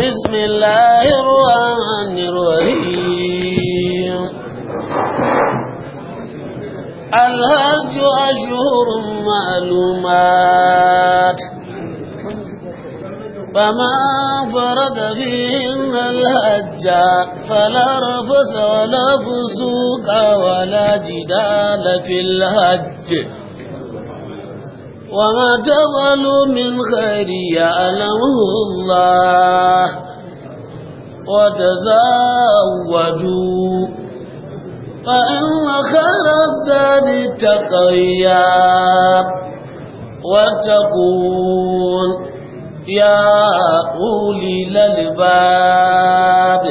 بسم الله الرحمن الرحيم الهج أشهر معلومات فما فرد فيهن الهج فلا رفس ولا فسوق ولا جدال في الهج وما تفعلوا من خير يعلمه الله وتزودوا فإن خير الزاد التقيا واتقون يا أولي الألباب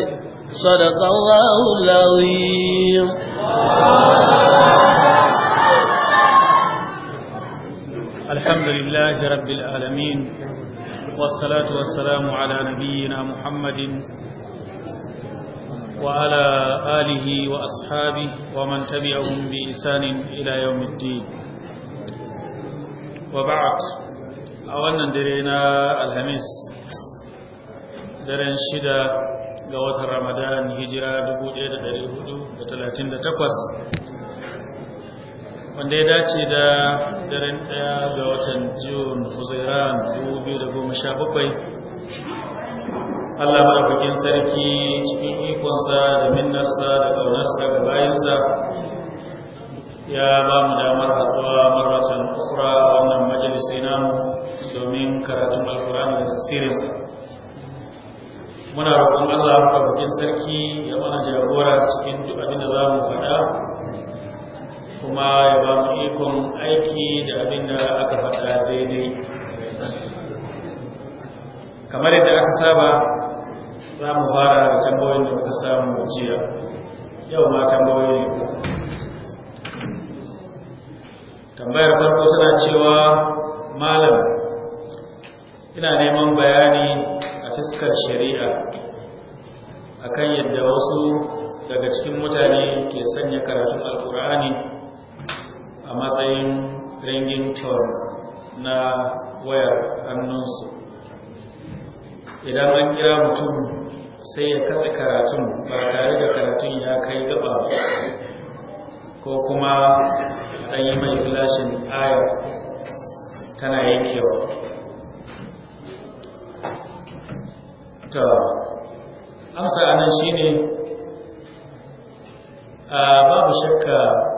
صدق الله العظيم الحمد لله رب العالمين والصلاة والسلام على نبينا محمد وعلى آله وأصحابه ومن تبعهم بإسان إلى يوم الدين وبعد أولا درينا الهميس درين شدة ga watan Ramadan hijira 1438 wanda ya dace da daren daya ga watan june fuzairan 2017 allah marafikin sarki cikin ikonsa da minnarsa da ƙaunarsa ga bayansa ya ba mu damar haɗuwa maratan ukura wannan majalisi namu domin karatun alkurani da tasirinsa muna roƙon allah marafikin sarki ya mana jagora cikin duk abin da za mu faɗa kuma ya ba mu ikon aiki da abin da aka faɗa daidai kamar yadda aka saba za mu fara da tambayoyin da muka samu jiya yau ma tambayoyi ne tambayar farko suna cewa malam ina neman bayani a fiskar shari'a akan yadda wasu daga cikin mutane ke sanya karatun alkur'ani a matsayin ringin na wayar hannunsu idan an kira mutum sai ya katse karatun ba tare da karatun ya kai gaba ko kuma a yi mai filashin aya tana yankewa ta amsa anan shine babu shakka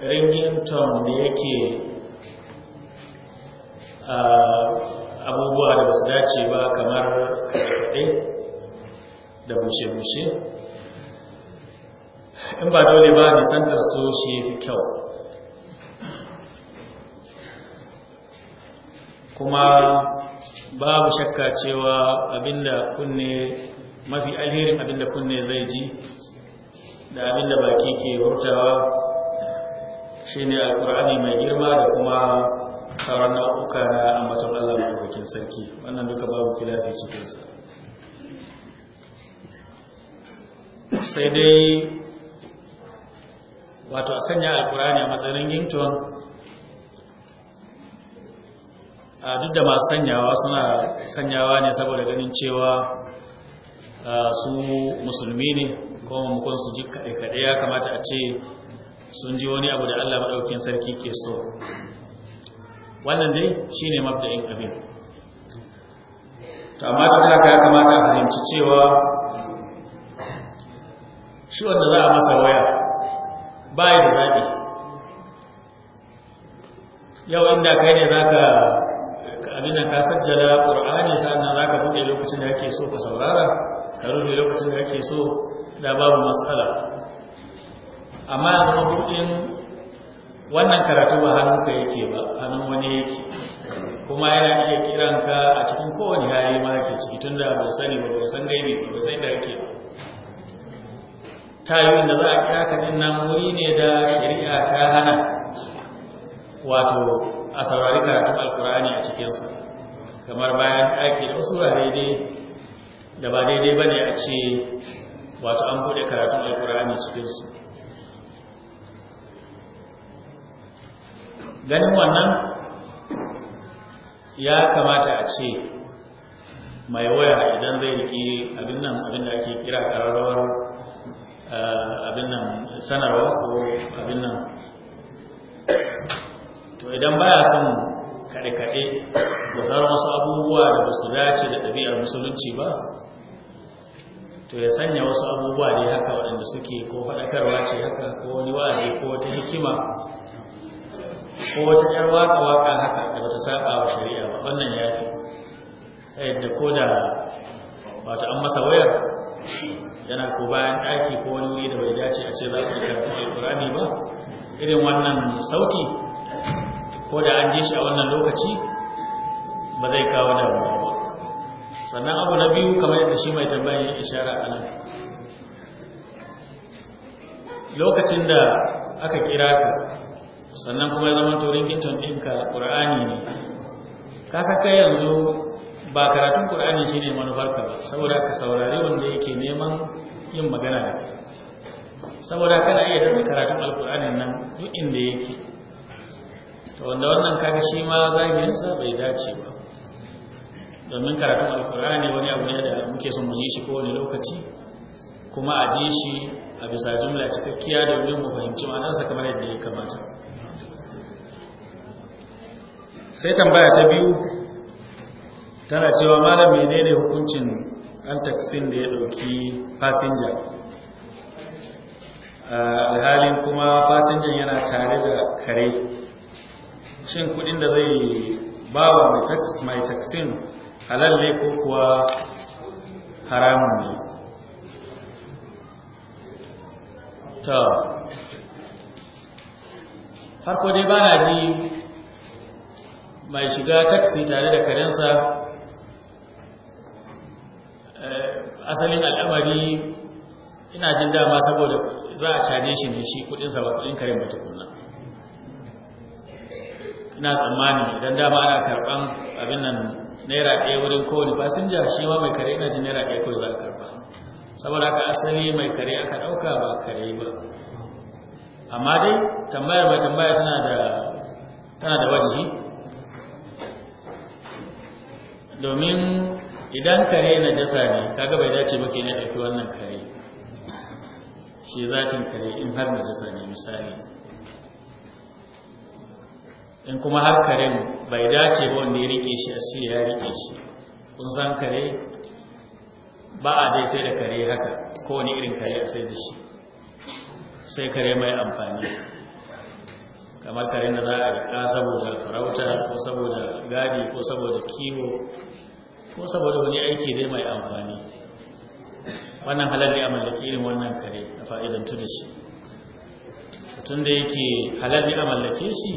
tom da yake abubuwa da su dace ba kamar kaɗe da bushe-bushe in ba dole ba santar su shi fi kyau kuma babu shakka cewa abinda kunne mafi alherin abinda kunne zai ji da abinda baki ke hurtawa ne alkur'ani mai girma da kuma sauran na'uka na ambaton Allah madaukakin sarki wannan duka babu kilafi cikinsa sai dai wato a sanya alkur'ani a matsayin yinton a duk da masu sanyawa suna sanyawa ne saboda ganin cewa su musulmi ne kuma mukun su ji kaɗe-kaɗe ya kamata a ce sun ji wani abu da Allah maɗaukin sarki ke so wannan dai shi ne mabda'in abin to amma ta haka ya kamata fahimci cewa shi wanda za a masa waya ba yi da zaɓi yau inda kai ne za ka abin da ka sajjala ƙur'ani sa'annan za ka buɗe lokacin da ake so ka saurara ka rufe lokacin da ake so da babu matsala amma ya kuɗin wannan karatu ba ka yake ba hannun wani yake kuma yana iya kiranka a cikin kowane hali ma ke ciki tun da ba sani ba ba san gaibi ba sai da da ake yi da za a kira ka din nan wuri ne da shari'a ta hana wato a saurari karatun alkur'ani a cikinsa kamar bayan ɗaki da wasu daidai da ba daidai ba ne a ce wato an buɗe karatun alkur'ani cikinsu ganin wannan ya kamata a ce mai waya idan zai riƙe abin nan abin da ake kira ƙararrawar eh, abin nan sanarwa ko abin nan to idan baya son kaɗe-kaɗe da sauran wasu abubuwa da ba su dace da ɗabi'ar musulunci ba to ya sanya wasu abubuwa ne haka waɗanda suke ko faɗakarwa ce haka ko wani wa'azi ko wata hikima ko wata ƴar waka waka haka da wata saba wa shari'a ba wannan ya fi da ko da ta an masa wayar yana ko bayan ɗaki ko wani wuri da bai dace a ce za ka karanta alƙur'ani ba irin wannan sauti ko da an je shi a wannan lokaci ba zai kawo da ba sannan abu na biyu kamar yadda shi mai tambayin ishara a nan lokacin da aka kira ka sannan kuma ya zama turin ginton ɗinka ƙura'ani ne ka saka yanzu ba karatun ƙura'ani shi ne manufarka ba saboda ka saurari wanda yake neman yin magana da ka saboda kana iya daga karatun alƙur'anin nan duk inda yake ta wanda wannan kaga shi ma zahirinsa bai dace ba domin karatun alƙur'ani wani abu ne da muke son mu yi shi kowane lokaci kuma a ji shi a bisa jumla cikakkiya domin mu fahimci ma'anarsa kamar yadda ya kamata sai tambaya ta biyu tana cewa malam ne hukuncin an taksin da ya ɗauki fasinja alhalin kuma fasinjan yana tare da kare shin kudin da zai bawa mai taksin halal ne ko kuwa haramun ne ta farko dai ba na ji mai shiga taksi tare da karensa eh, asalin al'amari ina jin dama saboda za a caje shi ne shi kudinsa ba kudin karin ba tukuna ina tsammani idan dama ana karban abin nan naira ɗaya wurin kowane fasinja shi ma mai kare ina jin naira ɗaya kawai za a karba saboda aka asali mai kare aka ɗauka ba kare ba amma dai tambayar mai tambaya tana da tana da domin idan kare na jasa ne kaga bai dace ba ya ɗauki wannan kare shi zatin kare in har na jasa ne misali in kuma har karen bai dace ba wanda ya rike shi a shi ya rike shi kun san kare ba a dai sai da kare haka kowane irin kare a sai da shi sai kare mai amfani kamar karen da za a rika saboda farauta ko saboda gadi ko saboda kiwo ko saboda wani aiki dai mai amfani wannan halar ne a mallaki irin wannan kare a fa'idantu da shi tun da yake halar ne a mallake shi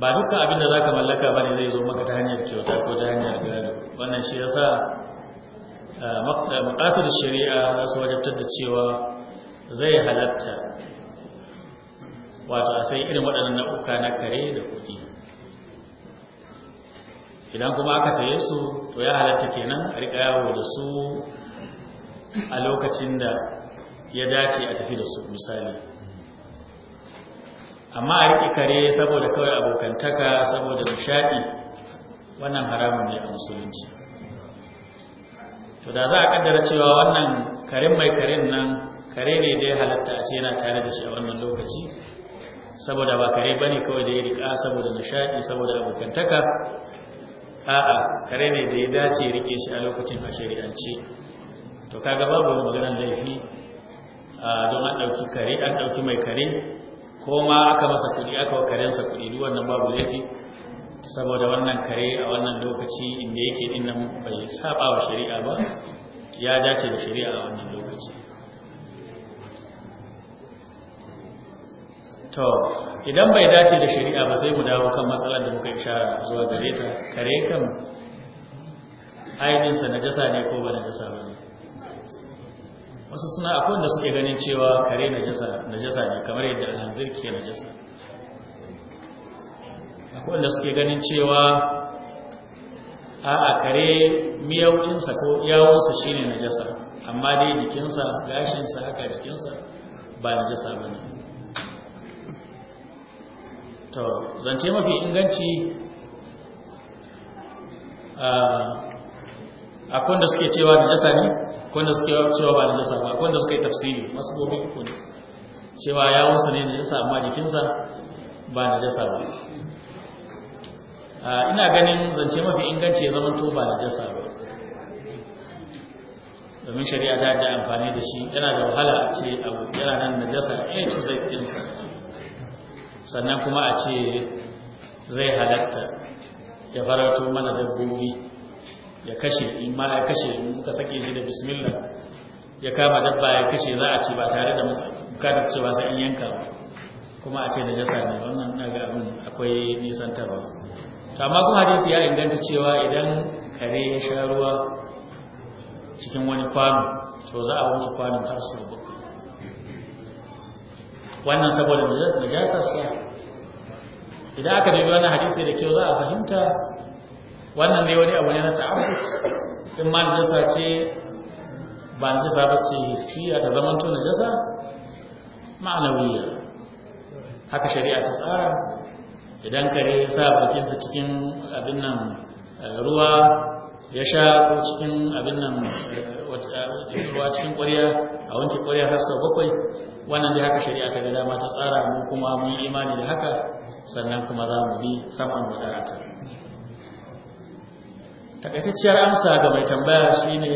ba duka abin da za ka mallaka ba ne zai zo maka ta hanyar kyauta ko ta hanyar gado wannan shi ya sa eh, makasar shari'a za su wajabtar da cewa zai halatta wato a sai irin waɗannan na'uka na kare da kuɗi idan kuma aka saye su to ya halatta kenan a riƙa yawo da su a lokacin da ya dace a tafi da su misali amma a riƙe kare saboda kawai abokantaka saboda nishaɗi wannan haramun ne a musulunci to da za a ƙaddara cewa wannan karen mai karen nan kare ne dai ya halatta a ce yana tare da shi a wannan lokaci saboda ba kare bane kawai da ya rika saboda nishaɗi saboda abokantaka a'a kare ne da ya dace rike shi a lokacin a shari'ance to kaga babu maganar laifi don an dauki kare an dauki mai kare ko ma aka masa kuɗi aka wa karensa kuɗi duk wannan babu laifi saboda wannan kare a wannan lokaci inda yake dinnan bai saba wa shari'a ba ya dace da shari'a a wannan lokaci to idan bai dace da shari'a ba sai mu dawo kan matsalar da muka ishara zuwa gare ta kare kan ainihinsa na jasa ne ko ba na jasa ba ne wasu suna akwai da suke ganin cewa kare na jasa ne kamar yadda alhanzir ke na jasa akwai da suke ganin cewa a a kare miyawunsa ko yawunsa shi ne na jasa amma dai jikinsa gashinsa haka jikinsa ba na jasa ba ne to zance mafi inganci akwai kwanda suke cewa jasa ne akwai suke cewa ba jasa ba akwai wanda suke tafsiri masu gobe uku cewa ya wasu ne jasa, amma jikinsa ba jasa ba ina ganin zance mafi inganci ya zama to ba jasa ba domin shari'a ta da amfani da shi yana da wahala a ce abu yana nan jasa, ya eh, ce zai ɗinsa sannan kuma a ce zai halatta ya farato mana dabbobi ya kashe in ma ya kashe muka sake shi da bismillah ya kama dabba ya kashe za a ce ba tare da bukatar cewa sai in yanka ba kuma a ce da jasa ne wannan ina ga abin akwai nisan tarwa to amma kuma hadisi ya inganta cewa idan kare ya sha ruwa cikin wani kwano to za a wanke kwanon har su. wannan saboda najasarsa idan aka dubi wannan hadisi da kyau za a fahimta wannan ne wani abu ne na ta'abbut in ma najasa ce ba najasa ba ce a ta zamanto najasa ma'anawiya haka shari'a ta tsara idan kare ya sa bakinsa cikin abin nan eh, ruwa ya sha ko cikin abin nan eh, eh, ruwa cikin ƙwariya, a wanke ƙwariya har sau bakwai wannan dai haka shari'a ta ga dama ta tsara mu kuma mun yi imani da haka sannan kuma za mu bi saman wadarata takaitacciyar amsa ga mai tambaya shi ne,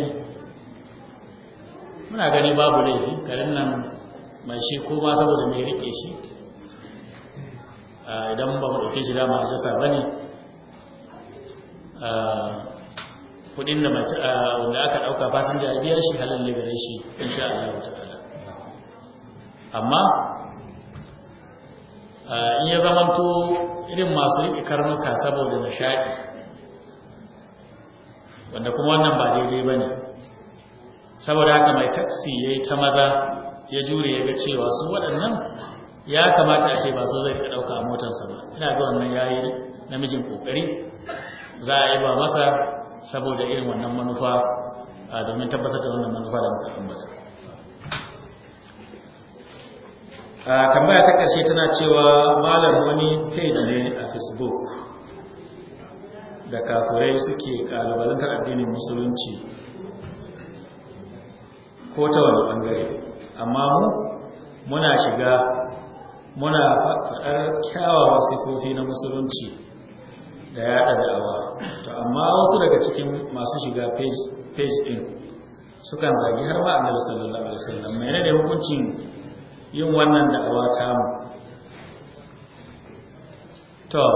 muna gani babu laifi garin nan mai shi ko ma saboda mai riƙe shi ah, idan ba mu ɗauke shi dama a jasa ba ne ah, kudin da wanda aka dauka fasinja a biya shi halin da gare shi insha Allah ta'ala amma in ya zamanto irin masu riƙe karnuka saboda nishaɗi wanda kuma wannan ba daidai ba ne saboda haka mai taksi ya yi ta maza ya jure ya ga cewa su waɗannan ya kamata a ce ba su zai ka ɗauka a motarsa ba ina ga wannan ya yi namijin ƙoƙari za a yi ba masa saboda irin wannan manufa a domin tabbatar da wannan manufa da muka ambata a tambaya ta ƙarshe tana cewa malam wani page ne a facebook da kafurai suke ƙalubalantar addinin musulunci ko ta wani ɓangare amma mu muna shiga muna faɗar kyawawa sifofi na musulunci da yada awa? to amma wasu daga cikin masu shiga page din sukan zagi har ma annabi sallallahu alaihi wasallam mai ne hukuncin yin wannan awa ta mu to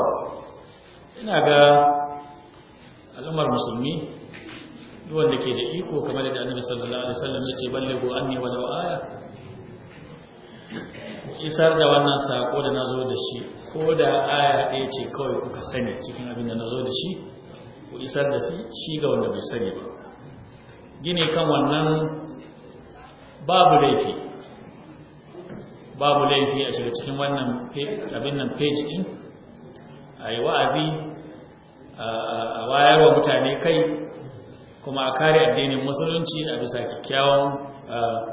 ina ga al'ummar musulmi duk wanda ke da iko kamar da annabi sallallahu alaihi wasallam ya ce ballighu anni walau aya isar da wannan sako da na da shi ko da aya ɗaya ce kawai kuka sani cikin abin da na da shi ku isar da shi shi ga wanda bai sani ba gine kan wannan babu laifi babu laifi a shiga cikin wannan abin nan page ɗin a yi wa'azi a wa mutane kai kuma a kare addinin musulunci a bisa kyakkyawan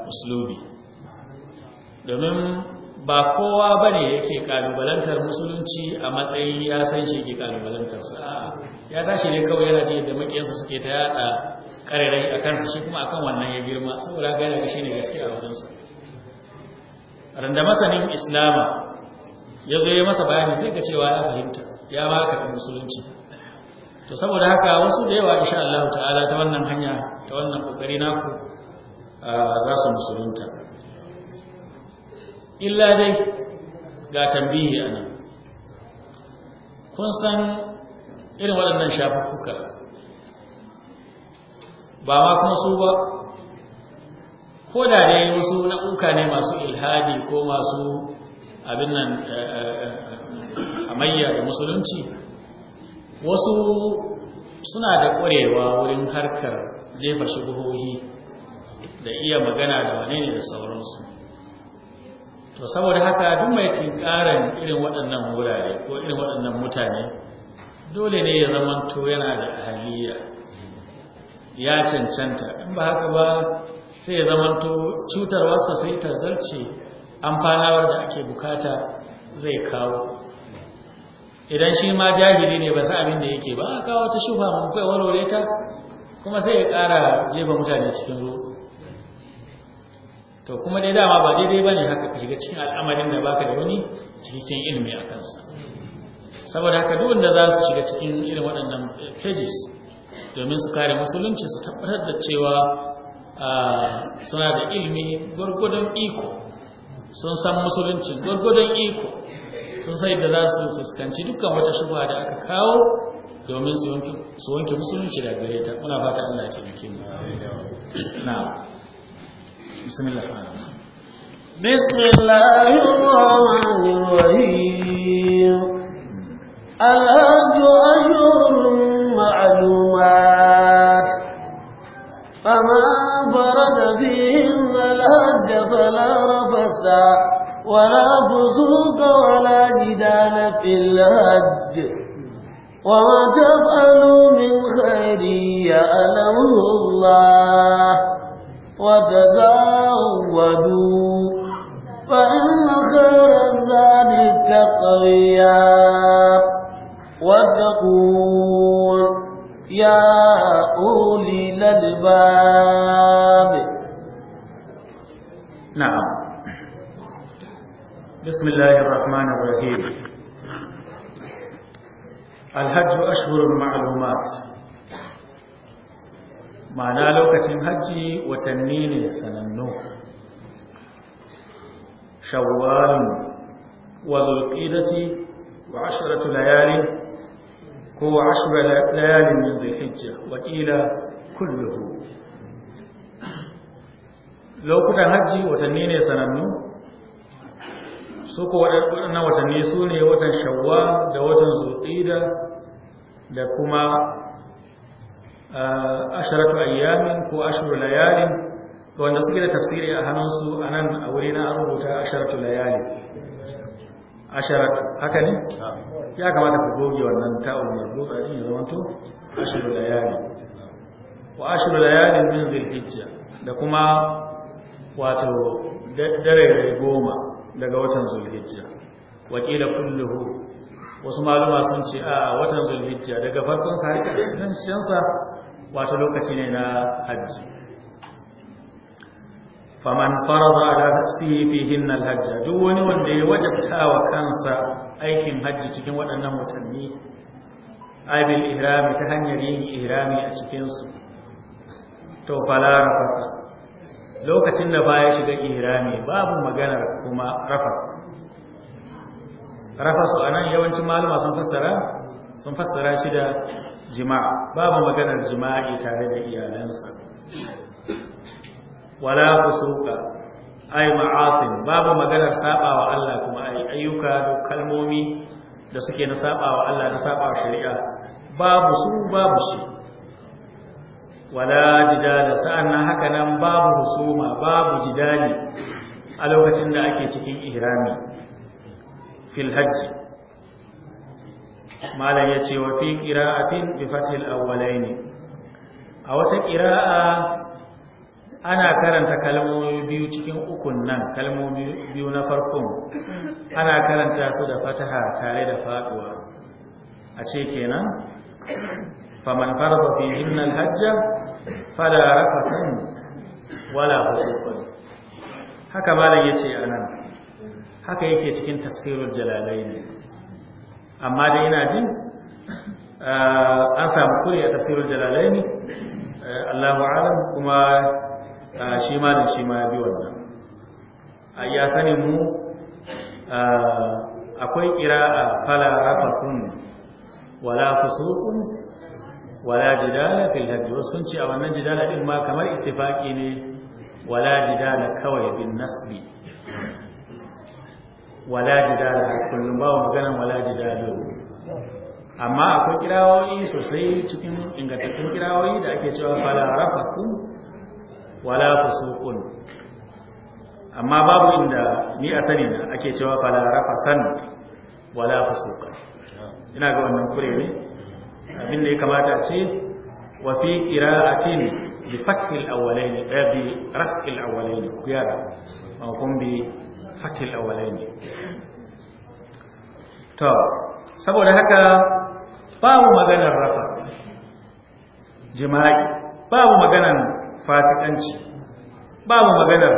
musulubi. domin ba kowa ba ne yake kalubalantar musulunci a matsayin ya san shi ke kalubalantarsa ya tashi ne kawai yana ce da makiyarsa suke ta yada karerai a kansa shi kuma akan wannan ya girma saboda haka yana shi ne gaskiya a wajensa randa masanin islama ya zo ya masa bayani sai ka cewa ya fahimta ya ma karɓi musulunci to saboda haka wasu da yawa insha Allah ta'ala ta wannan hanya ta wannan kokari naku ah, za su musulunta illa dai ga tambihi a kun san irin waɗannan shafukuka ba ma kuma su ba ko da dai wasu na'uka ne masu ilhadi ko masu abin nan eh, eh, eh, amayya da musulunci wasu suna da ƙwarewa wurin harkar jefa shubuhohi da iya magana da wane ne da sauransu to saboda haka duk mai tinkarin irin waɗannan wurare ko irin waɗannan mutane dole ne ya zama to yana da ahaliya ya cancanta in ba haka ba sai ya zama to cutarwarsa sai ta zarce amfanawar da ake bukata zai kawo idan shi ma jahili ne ba sa abin da yake ba a kawo ta shufa mun kai warware ta kuma sai ya ƙara jefa mutane cikin ruwa to kuma dai dama ba daidai ba ne haka ka shiga cikin al'amarin da baka da wani cikin ilimi a kansa saboda haka duk wanda za su shiga cikin irin waɗannan pages eh, domin su kare musulunci su tabbatar da cewa ah, suna da ilimi gwargwadon iko sun san musulunci gwargwadon iko sun sai da za su fuskanci dukkan wata shubha da aka kawo domin su wanke musulunci da gare ta muna fata Allah ya taimake mu na'am بسم الله الرحمن الرحيم بسم الله الرحمن الرحيم الحج أشهر معلومات فما فرد فيهن الحج فلا رفس ولا فسوق ولا جدال في الحج وما تفعلوا من خير يعلمه الله وتزال تسودوا فإن خير ذلك التقويا وتقول يا أولي الألباب نعم بسم الله الرحمن الرحيم الحج أشهر المعلومات معنى لوكة الحج وتنين السنة sanannu shawwal wa zulqidati wa ashratu layali ko ashra layalin min zulhijja wa qila kulluhu lokutan hajji watanni ne sanannu su waɗannan watanni su ne watan shawwa da watan zulqida da kuma asharatu ayyamin ko ashiru layalin ga wanda suke da tafsiri a hannunsu a nan a wuri na rubuta asharatu layali sharatu haka ne ya kamata ku goge wannan ta'un marbuta din ya zamanto da layali wa da layali min hijja da kuma wato dare da goma daga watan zulhijja hijja. qila kulluhu wasu maluma sun ce a watan hijja daga farkon sa har ƙarshen sa wato lokaci ne na hajji faman farada ala nafsihi fihin alhajj duk wani wanda ya wajabta wa kansa aikin hajji cikin waɗannan watanni aibil ihrami ta hanyar yin ihrami a cikin su to fala rafa lokacin da baya shiga ihrami babu maganar kuma rafa rafa su anan yawancin malama sun fassara sun fassara shi da jima'a babu maganar jima'i tare da iyalansa wala fusuka ay ma'asin babu maganar sabawa Allah kuma ay ayyuka da kalmomi da suke na sabawa Allah na sabawa shari'a babu su babu shi wala jidala sa'annan haka nan babu husuma babu jidali a lokacin da ake cikin ihrami fil malam ya ce wa fi ƙira'atin bi fathil awwalaini a wata ƙira'a ana karanta kalmomi biyu cikin ukun nan kalmomi biyu na farkon ana karanta su da fataha tare da faduwa a ce kenan faman farza fi himnal hajja fala rafatun wala hukukun haka malam yace anan haka yake cikin tafsirul ne. amma dai ina jin ah, an samu kuri a tafsirul jalalain eh, Allahu alam kuma Ah, shi ma da shi ma ya bi wannan a ah, ya sanin mu ah, akwai a fala rafatun wala fusukun wala jidala fil hajji wasu sun ce a wannan jidala din ma kamar ittifaqi ne wala jidala kawai bin nasbi wala jidala kullum ba magana wala jidalo amma akwai kirawoyi sosai cikin ingantattun kirawoyi da ake cewa fala rafatun wala fusuqun amma babu inda ni a sani na ake cewa fala rafasan wala fusuqan ina ga wannan kure ne abin da ya kamata ce wa fi qira'atin bi fathil awwalaini eh bi raf'il awwalaini ku ma kun bi fathil awwalaini to saboda haka babu maganar rafa jima'i babu maganar fasikanci babu maganar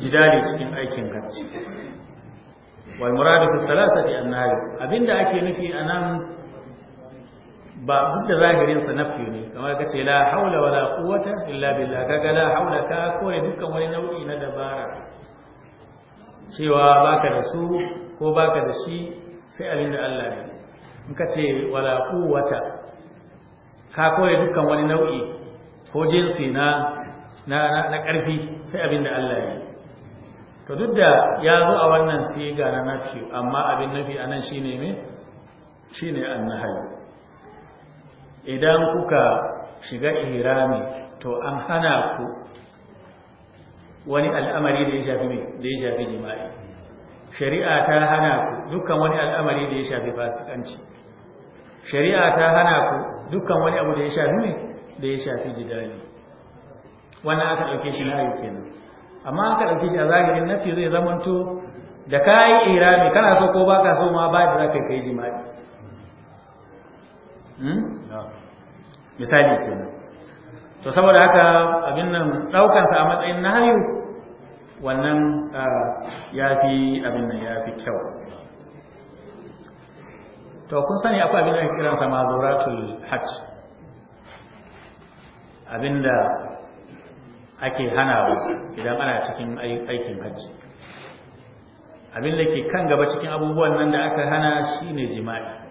jidali cikin aikin hajji wal muradu fi salasati annahi abinda ake nufi anan ba duk da zahirin sa nafi ne kamar kace la haula wala quwwata illa billah kaga la haula ka kore dukkan wani nau'i na dabara cewa baka da su ko baka da shi sai abinda Allah ne in kace wala quwwata ka kore dukkan wani nau'i ko jinsi na na ƙarfi sai abin da Allah ya yi to duk da ya zo a wannan siga na nafi amma abin nafi nan shine me shine annahai idan kuka shiga ihrami to an hana ku wani al'amari da ya shafi me da ya shafi jima'i shari'a ta hana ku dukkan wani al'amari da ya shafi fasikanci shari'a ta hana ku dukkan wani abu da ya shafi me da ya shafi jidali wannan aka ɗauke shi na kenan amma aka ɗauke shi a zahirin nafi zai zamanto da ka yi irami kana so ko baka so ma ba da za ka kai jima'i hmm? misali kenan to saboda haka abin nan ɗaukansa a matsayin na hayu wannan ya fi abin nan ya fi kyau to kun sani akwai abin da ake kiransa mazuratul hajj abinda ake hana idan ana cikin aikin hajji abinda ke kan gaba cikin abubuwan nan da aka hana shi ne jima'i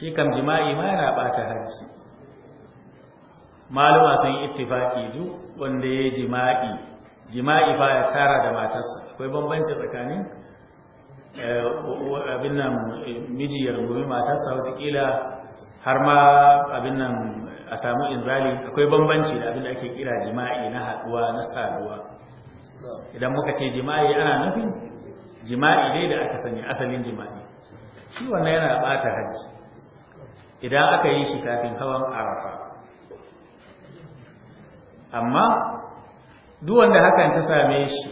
shi kam jima'i ma yana bata hajji maluma sun yi ittifaki duk wanda ya jima'i jima'i ba ya tara da matarsa akwai bambanci tsakanin eh, abin nan eh, miji ya rungumi matarsa watakila har ma abin nan a samu inzali akwai bambanci da abin da ake kira jima'i na haduwa na saduwa idan muka ce jima'i ana nufin jima'i dai da aka sani asalin jima'i shi wannan yana bata hajji idan aka yi shi kafin hawan arafa amma duk wanda hakan ta same shi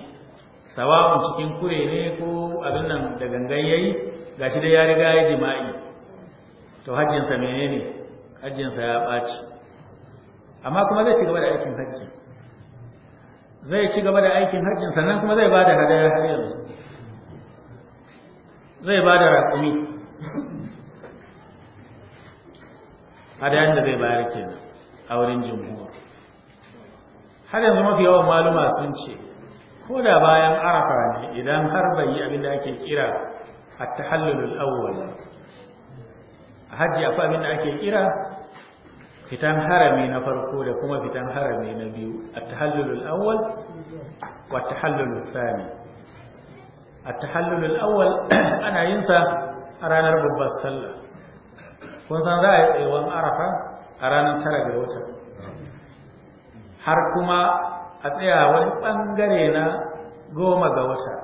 sawa'un cikin kure ne ko abin nan da gangan yayi gashi dai ya riga ya jima'i to hajjinsa ne? hajjinsa ya ɓaci amma kuma zai ci gaba da aikin hajji zai ci gaba da aikin hajji sannan kuma zai ba da hadaya har yanzu zai ba da raƙumi hadayen da zai bayar ke a wurin jimhur har yanzu mafi yawan maluma sun ce ko da bayan arafa ne idan har bai yi abin da ake kira a tahallulul awwal hajji akwai abin da ake kira fitan harami na farko da kuma fitan harami na biyu at-tahallul awwal wa at sani. thani at-tahallul awwal ana yin sa a ranar babbar sallah kun san za a yi tsayuwar arafa a ranar tara ga wata har kuma a tsaya wani bangare na goma ga wata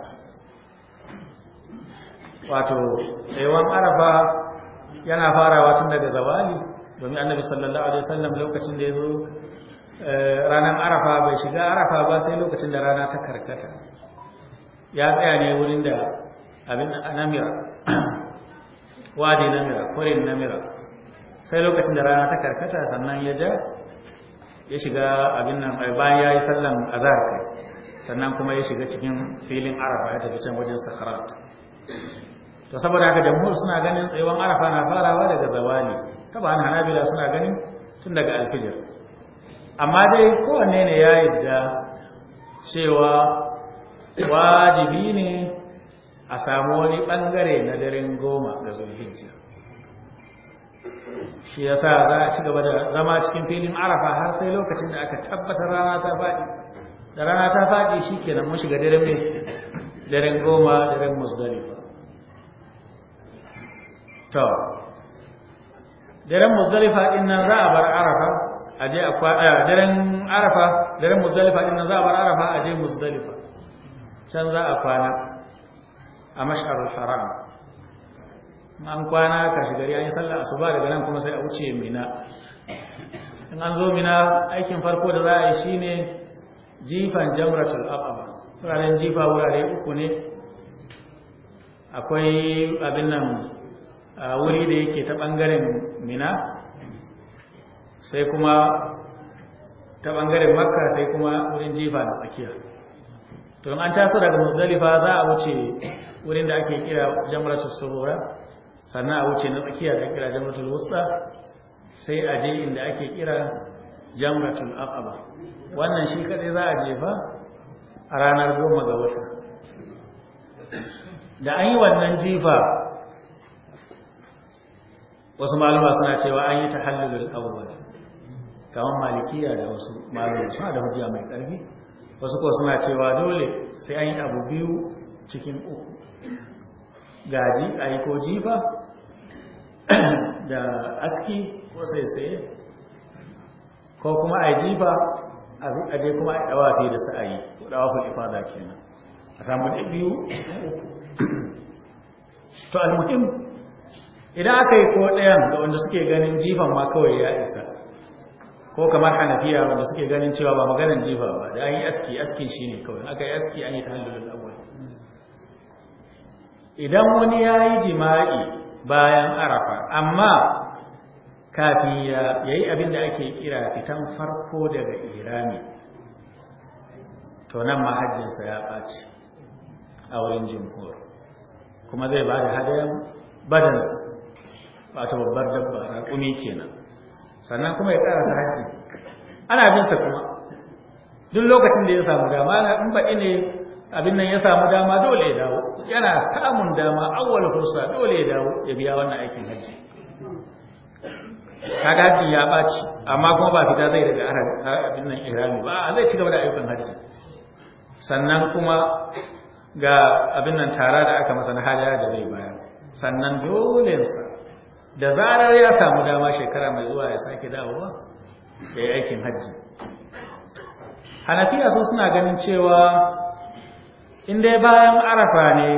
wato tsayuwar arafa yana farawa tun daga zawali domin annabi sallallahu alaihi wasallam lokacin da ya zo eh, ranar arafa bai shiga arafa ba sai lokacin da rana ta karkata ya tsaya ne wurin da abin namira wadi namira kwarin namira sai lokacin da rana ta karkata sannan ya ja ya shiga abin nan eh, bayan ya yi sallan azhar kai sannan kuma ya shiga cikin filin arafa ya tafi can wajen sakharat to saboda haka jamhur suna ganin tsayuwan arafa na farawa daga zawali taban hanabila suna ganin tun daga alfijir amma dai kowanne ne ya yadda cewa wajibi ne a samu wani bangare na daren goma ga zulhijja shi yasa za a ci gaba da zama cikin filin arafa har sai lokacin da aka tabbatar rana ta faɗi da rana ta faɗi shi kenan mun shiga daren mai daren goma daren musdalifa to daren muzdalifa din nan za a bar arafa a je daren arafa daren muzdalifa din za a bar arafa aje muzdalifa can za a kwana a mash'arul haram an kwana karshe gari an yi sallar asuba daga nan kuma sai a wuce mina in an zo mina aikin farko da za a yi shine jifan jamratul aqaba wuraren jifa wurare uku ne akwai abin nan a wuri da yake ta ɓangaren mina sai kuma ta ɓangaren makka sai kuma wurin jifa na tsakiya to an taso daga musdalifa za a wuce wurin da ake kira jamratul surura sannan a wuce na tsakiya da kira jamratul wusta sai a je inda ake kira jamratul aqaba wannan shi kadai za a jefa a ranar goma ga wata da an yi wannan jifa wasu malama suna cewa an yi ta tahallulul abubuwa kamar malikiya da wasu malama suna da hujja mai ƙarfi wasu ko suna cewa dole sai an yi abu biyu cikin uku gaji a yi ko jifa da aski ko sai sai ko kuma a yi jifa a je kuma a yi dawafi da sa'ayi ko dawafin ifada kenan a samu ɗin biyu to muhim. idan aka yi ko ɗayan da wanda suke ganin jifan ma kawai ya isa ko kamar hanafiya wanda suke ganin cewa ba maganar jifa ba da an yi aski askin shi ne kawai aka yi aski an yi ta hallulun abuwa idan wani ya yi jima'i bayan arafa amma kafin ya yi abin da ake kira fitan farko daga irami to nan mahajjinsa ya ɓaci a wurin jimhur kuma zai ba da hadayen badan ta babbar dabba raƙumi kenan sannan kuma ya karasa hajji ana bin sa kuma duk lokacin da ya samu dama in baɗi ne abin nan ya samu dama dole ya dawo yana samun dama awwal fursa dole ya dawo ya biya wannan aikin hajji kaga hajji ya ɓaci amma kuma ba fita zai daga abin nan irani ba zai ci gaba da ayyukan hajji sannan kuma ga abin nan tara da aka masa na hajjara da zai bayar sannan sa. da zarar ya samu dama shekara mai zuwa ya sake dawowa ya yi aikin hajji hanafiya sun suna ganin cewa in dai bayan arafa ne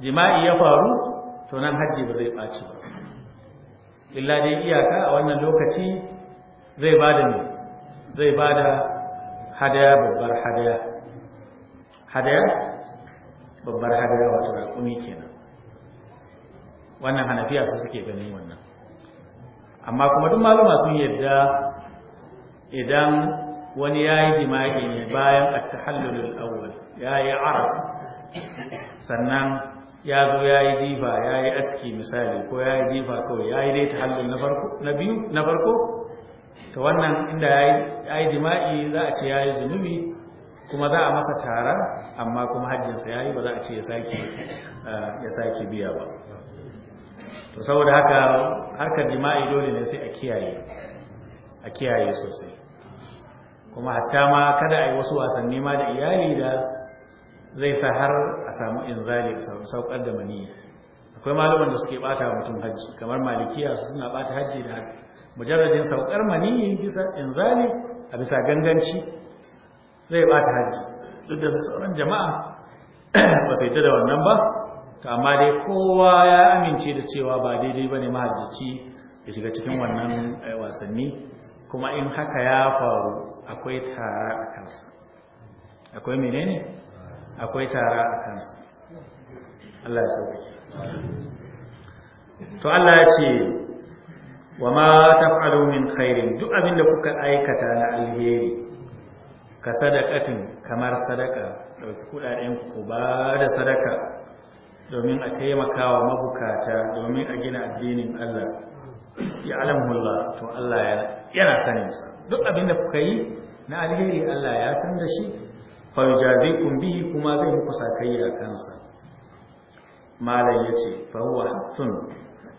jima'i ya faru to nan hajji ba zai ɓaci ba illa dai iyaka a wannan lokaci zai ba da zai ba da hadaya babbar hadaya hadaya babbar hadaya wato raƙumi kenan wannan hanafiya su suke ganin wannan amma kuma duk maluma sun yadda idan wani ya yi jima'i ne bayan attahallulul awwal ya yi arab sannan ya zo ya yi jifa ya yi aski misali ko ya yi jifa kawai ya yi dai tahallul na biyu na farko ta wannan inda ya yi jima'i za a ce ya yi zunubi kuma za a masa tara amma kuma hajjinsa ya yi ba za a ce ya sake eh, biya ba to saboda haka harkar jima'i dole ne sai a kiyaye a kiyaye sosai kuma hatta ma kada a yi wasu wasanni ma da iyali da zai sa har a samu inzali a saukar da maniyi akwai malaman da suke bata mutum hajji kamar malikiya su suna bata hajji da mujarradin saukar maniyyi, bisa inzali a bisa ganganci zai bata hajji duk da sauran jama'a ba su yi ta da wannan ba kama dai kowa ya amince da cewa ba daidai bane mahajjaci ya shiga cikin wannan eh, wasanni kuma in haka ya faru akwai tara a kansa akwai menene akwai tara a kansa Allah ya sauke to Allah ya ce wa ma taf'alu min khairin duk abin da kuka aikata na alheri ka sadaqatin kamar sadaka ɗauki kuɗaɗen ku ba da sadaka domin a taimakawa mabukata domin a gina addinin Allah ya alamullah to Allah yana saninsa duk abin da kuka yi na alheri Allah ya san da shi fayujazikum bihi kuma zai muku sakayya kansa malam yace fa huwa hattun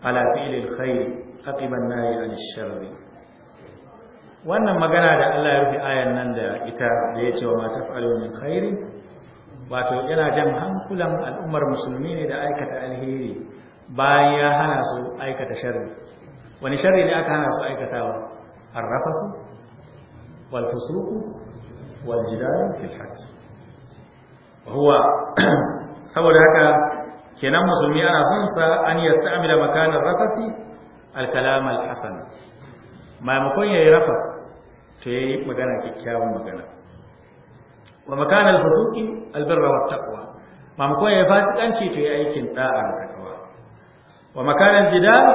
ala fi'lil khair aqiban nahi an sharr wannan magana da Allah ya rufe ayan nan da ita da yace wa ma taf'alu min wato yana jan hankulan al'ummar musulmi ne da aikata alheri bayan ya hana su aikata sharri wani sharri ne aka hana su aikatawa arrafasu wal fusuku wal huwa saboda haka kenan musulmi ana son sa an yasta'mila makanan rafasi al kalam al hasan maimakon yayi rafa to yi magana kyakkyawan magana wa makana al-fusuqi al-birra wa taqwa ma mako fasikanci to ya aikin da'a da takawa wa makana al-jidal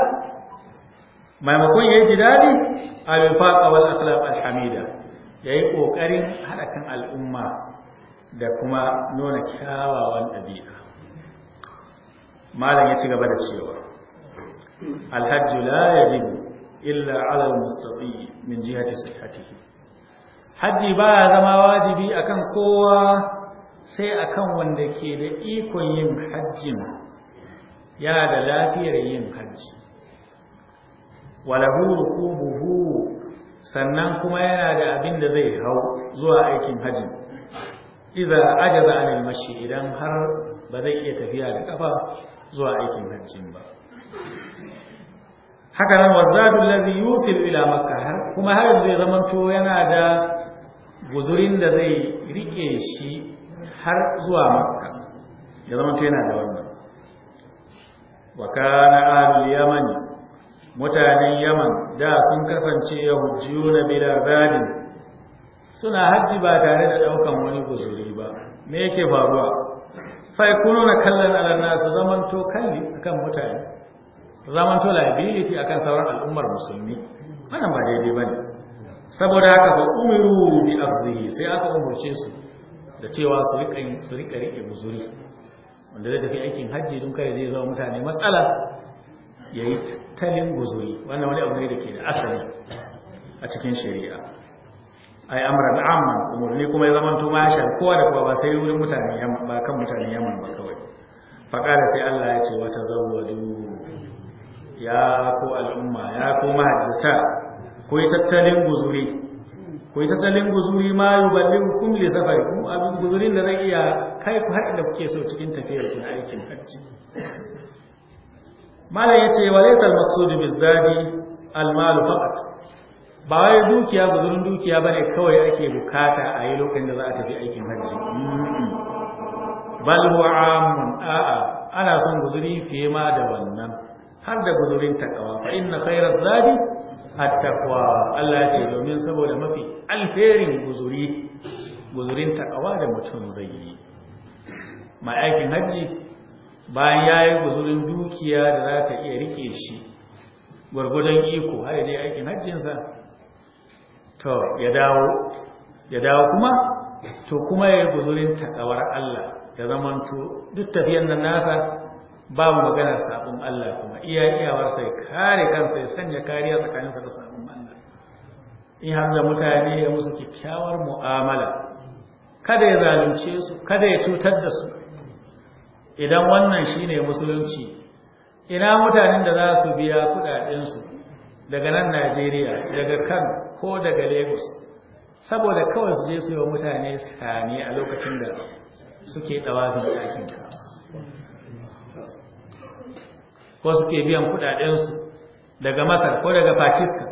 ma mako ya jidali al-faqa wal akhlaq al-hamida yayi kokarin hada kan al'umma da kuma nuna kyawawan dabi'a malam ya ci gaba da cewa al-hajju la yajibu illa ala al-mustati min jihati sihhatihi hajji baya zama wajibi akan kowa sai akan wanda ke da ikon yin hajjin ya da lafiyar yin hajji walahu buhu? sannan kuma yana da abin da zai hau zuwa aikin hajji iza ajaza anil mashi idan har ba zai iya tafiya da kafa zuwa aikin hajjin ba haka nan wazadu allazi yusil ila makka kuma har zai zama to yana da guzurin da zai rike shi har zuwa makka ya zama ta yana da wannan wakana ahlul yaman mutanen yaman da sun kasance na bila zadin suna hajji ba tare da daukan wani guzuri ba me yake faruwa kuno na kallan ala nas zaman to kalli akan mutane zaman to liability akan sauran al'ummar musulmi wannan ba daidai bane saboda haka ba umiru bi azzi sai aka umurce su da cewa su rika yin su rika rike buzuri wanda zai tafi aikin hajji don kare zai zama mutane matsala yayi talin guzuri. wannan wani abu ne da ke da asali a cikin shari'a ai amran amman umurni kuma ya zamanto ma shar kowa da kowa ba sai wurin mutane yamma ba kan mutane yamma ba kawai faƙada sai Allah ya ce wata zawwadu ya ko al'umma ya ko mahajjata ko yi tattalin guzuri ko yi tattalin guzuri ma yi ballin kum li safari kuma abin guzurin da zai iya kai ku har inda kuke so cikin tafiyar ku aikin hajji malam ya ce wa laysa al-maqsudu bizadi al-mal faqat ba wai dukiya guzurin dukiya bane kawai ake bukata a yi lokacin da za a tafi aikin hajji mm-hmm. bal huwa a'a ana son guzuri fiye ma da wannan har da guzurin takawa fa inna khayra zadi attaqwa Allah ce domin saboda mafi alferin guzuri guzurin takawa da mutum zai yi mai aikin hajji bayan yayi yi guzurin dukiya da za ta iya rike shi gurgudan iko har dai aikin hajjinsa to ya dawo ya dawo kuma to kuma ya guzurin takawar Allah ya zamanto duk tafiyan nan nasa babu magana sabon Allah kuma iya iyawar sai kare kansa ya sanya kariya tsakaninsa da sabon Allah in har mutane ya musu kyakkyawar mu'amala kada ya zalunce su kada ya cutar da su idan wannan shine musulunci ina mutanen da za su biya kudaden su daga nan Najeriya daga Kan ko daga Lagos saboda kawai su je su yi wa mutane sani a lokacin da suke dawafin ɗakin ko suke biyan kudadensu daga masar ko daga pakistan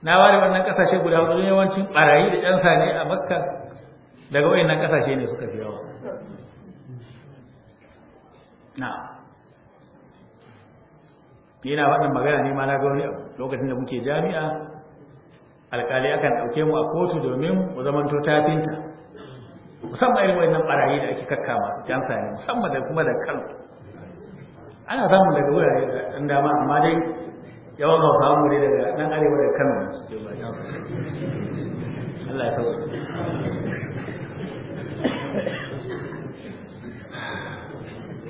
na ware wannan kasashe guda hudu yawancin barayi da yan sane a makka daga wayannan kasashe ne suka fi yawa na yana wannan magana ne ma na ga wani lokacin da muke jami'a alkali akan dauke mu a kotu domin mu zamanto tafinta musamman irin wannan barayi da ake kakka masu yan sane musamman da kuma da kano ana samun daga wurare ɗan dama amma dai yawan hausawan mu ne daga nan arewa daga kano Allah ya sauka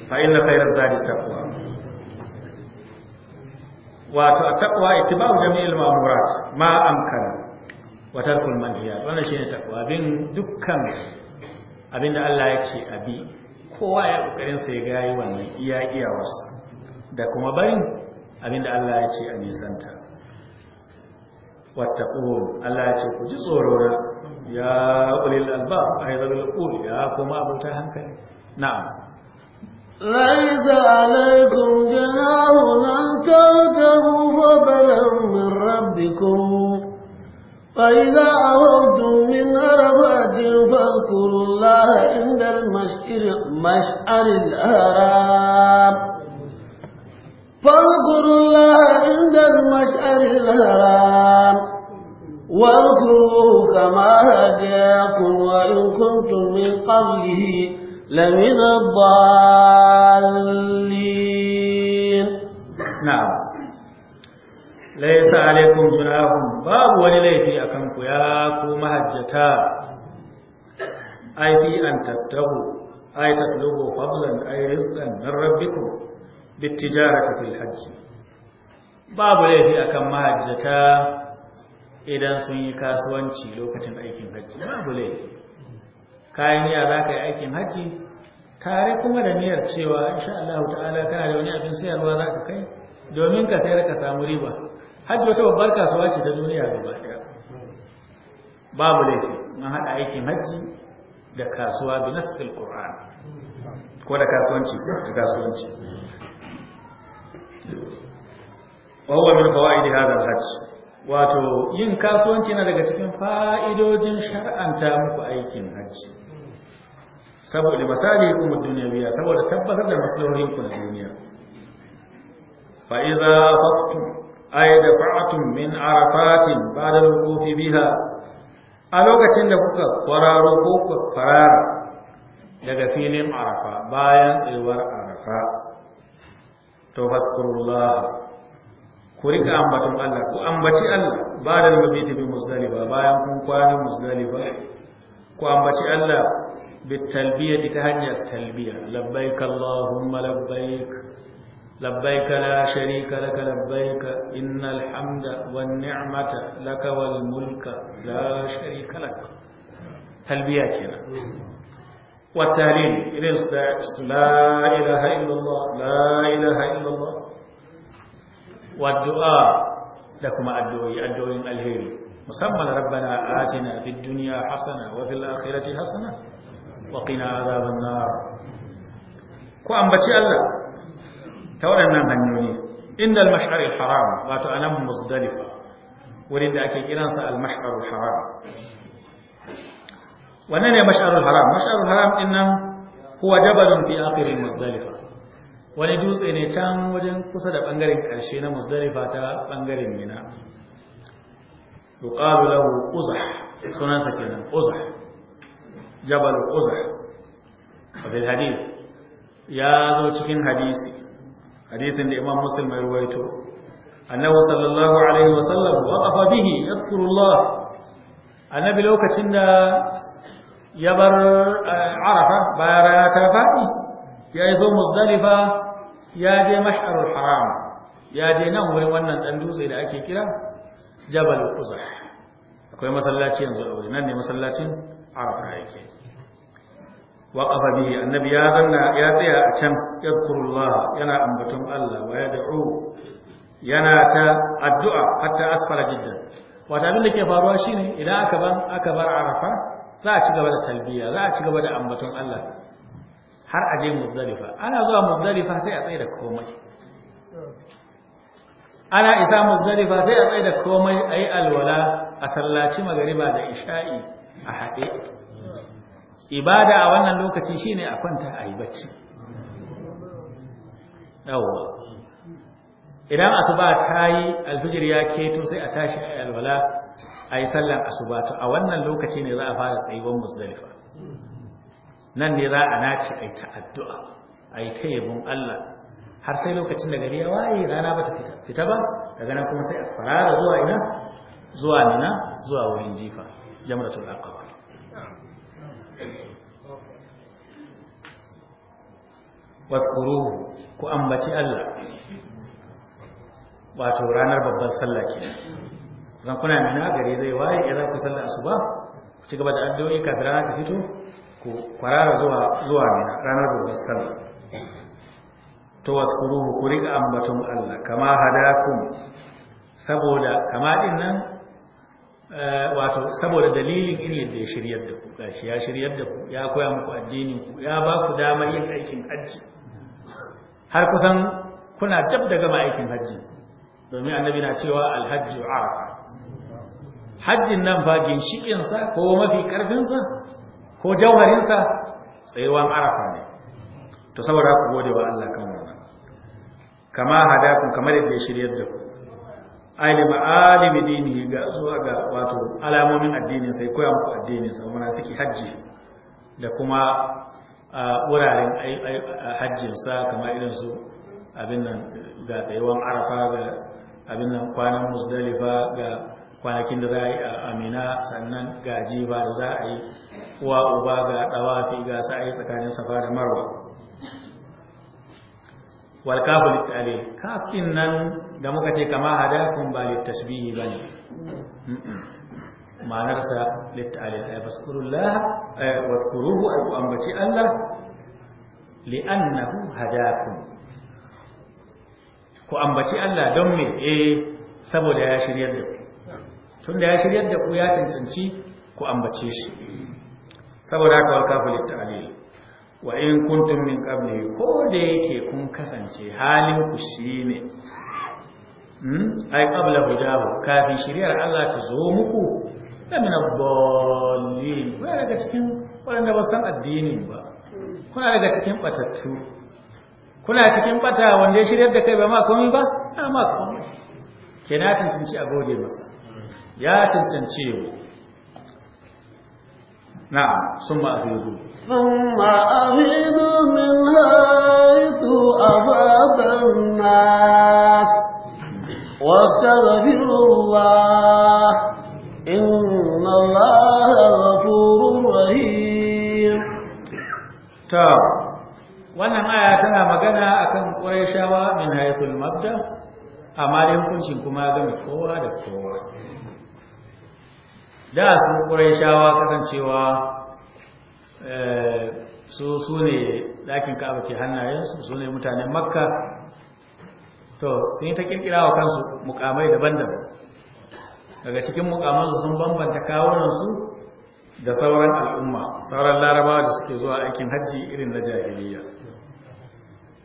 fa na khayra zadi taqwa wato a ita taqwa ittiba'u jami'il ma'murat ma amkana wata tarkul manhiyat wannan ne taqwa bin dukkan abinda Allah ya ce a abi kowa ya kokarin sai ya yi wannan iya iyawarsa da kuma barin abinda Allah ya ce a nisanta wattaqun Allah ya ce ku ji na ya ulil albab ayyul qul ya kuma abuta hankali na'am ليس عليكم جناح أن bayan فضلا من ربكم فإذا أفضتم من عرفات فاذكروا الله عند المشعر مشعر الحرام فاذكروا الله عند المشعر الحرام واذكروه كما هداكم وإن كنتم من قبله لمن الضالين نعم laisa alaikum junahum babu wani laifi a kanku ya ku mahajjata ai fi an tattabu ai tatlubu fadlan ai rizqan min rabbikum bitijarati fil hajj babu laifi akan mahajjata idan sun yi kasuwanci lokacin aikin hajji babu laifi kayan niyya za yi aikin hajji tare kuma da niyyar cewa insha Allah ta'ala kana da wani abin sayarwa za ka kai domin ka sayar ka samu riba hajji wata babbar kasuwa ce ta duniya gaba ɗaya babu laifi na haɗa aikin hajji da kasuwa bi nassil qur'an ko da kasuwanci da kasuwanci wa huwa min fawaid hadha al-hajj wato yin kasuwanci na daga cikin fa'idojin shar'anta muku aikin hajji saboda misali kuma duniya saboda tabbatar da maslahohin ku na duniya fa idza faqtum ay dafa'atum min arafatin ba'da al-wuquf biha a lokacin da kuka kwararo ko kuka farara daga filin arafa bayan tsayuwar arafa to fadkurullah ku rika ambaton Allah ku ambaci Allah ba da mabiti bi musdalifa bayan kun kwana musdalifa ku ambaci Allah bi talbiya ta hanyar talbiya labbaik allahumma labbaik لبيك لا شريك لك لبيك إن الحمد والنعمة لك والملك لا شريك لك تلبية كنا والتهليل لا إله إلا الله لا إله إلا الله والدعاء لكما الدعوي الدعوي الهير مسمى ربنا آتنا في الدنيا حسنة وفي الآخرة حسنة وقنا عذاب النار كو ambaci الله ta waɗannan hanyoyi inda al-mash'aril haram wato anan musdalifa wurin da ake sa al-mash'arul haram wannan ne mash'arul haram mash'arul haram din nan huwa jabalun fi akhir musdalifa wani dutse ne can wajen kusa da bangaren karshe na musdalifa ta bangaren mina yuqalu lahu uzah sunansa kenan uzah jabal uzah a hadith ya zo cikin hadisi hadisin da imam muslim ya ruwaito annabi sallallahu alaihi wasallam waqafa bihi yadhkurullah annabi lokacin da ya bar eh, arafa bayan rana ta faɗi ya iso muzdalifa ya je mash'arul haram ya je nan wurin wannan dan dutse da ake kira jabal uzah akwai masallaci yanzu a wurin nan ne masallacin arafa yake waqafa bihi annabi ya zanna ya tsaya a can yadhkurullah yana ambaton Allah wa yad'u yana ta addu'a hatta asfala jiddan wata abin da ke faruwa shine idan aka ban aka bar arafa za a ci gaba da talbiya za a ci gaba da ambaton Allah har a je muzdalifa ana zuwa muzdalifa sai a tsaye da komai ana isa muzdalifa sai a tsaye da komai ayi alwala a sallaci magariba da isha'i a haɗe ibada a wannan lokaci shine a kwanta a yi bacci yawa idan asuba ta yi alfijir ya keto sai a tashi a alwala a yi sallar asuba to a wannan lokaci ne za a fara tsayuwar musdalifa nan ne za a naci a yi ta'addu'a a yi yabon Allah har sai lokacin da gari ya waye rana ba ta fita ba daga nan kuma sai a fara zuwa ina zuwa nina zuwa wurin jifa jamratul aqab waskuruhu ku ambaci Allah wato ranar babban sallah ke zan kuna nuna gari zai waye ya za ku sallah asuba ku ci gaba da addu'o'i kafin rana ta fito ku kwarara zuwa zuwa ranar babban sallah to waskuruhu ku riga ambaton Allah kama hadakum saboda kama din nan Eh, wato saboda dalilin irin da ya shiryar da ku gashi ya shiryar da ku ya koya muku addinin ku ya ba ku damar yin aikin hajji har kusan kuna dab da gama aikin hajji domin annabi na cewa alhajji arafa hajjin nan ba ginshikinsa ko mafi karfinsa ko sai tsayuwan arafa ne to saboda ku gode wa Allah kan wannan kama hadakun kamar yadda ya shiryar da ku ai da ma'alimi dini ga zuwa ga wato alamomin addinin sai koya muku addinin sa muna suke hajji da kuma wuraren hajjin sa kamar irin su abin nan ga tsayuwan arafa ga abin nan kwanan musdalifa ga kwanakin da za a amina sannan ga jiba da za a yi uwa uba ga dawafi ga sa'ayi tsakanin safa da marwa wal kafu litta'lil kafin nan da muka ce kama hadakum ba litashbihi bane ma'anarsa litta'lil ay baskurullah ay zkuruhu ay ambati Allah li'annahu hadakum ku ambaci Allah don me eh saboda ya shiryar da ku da ya shiryar da ku ya cancanci ku ambace shi saboda haka wal kafu wa in kuntum min qabli ko da yake kun kasance halin ku shine hmm ai qabla hudahu kafin shiriyar Allah ta zo muku da min abdallin ba daga cikin wanda ba san addini ba kuna daga cikin batattu kuna cikin bata wanda ya shiryar da kai ba ma komai ba ma komai kenan tantance a gode masa ya tantance mu نعم ثم أفيضوا ثم أفيضوا من حيث أفاض الناس واستغفروا الله إن الله غفور رحيم طب wannan aya tana magana akan Qurayshawa min haythul mabda amma dai hukuncin kuma ga kowa da kowa da su shawa kasancewa eh, su su ne ɗakin ka'aba ke hannayensu su ne mutanen makka to sun yi ta ƙirƙira wa kansu mukamai daban-daban daga cikin mukamansu sun bambanta kawunansu da sauran al'umma sauran larabawa da suke zuwa aikin hajji irin na jahiliya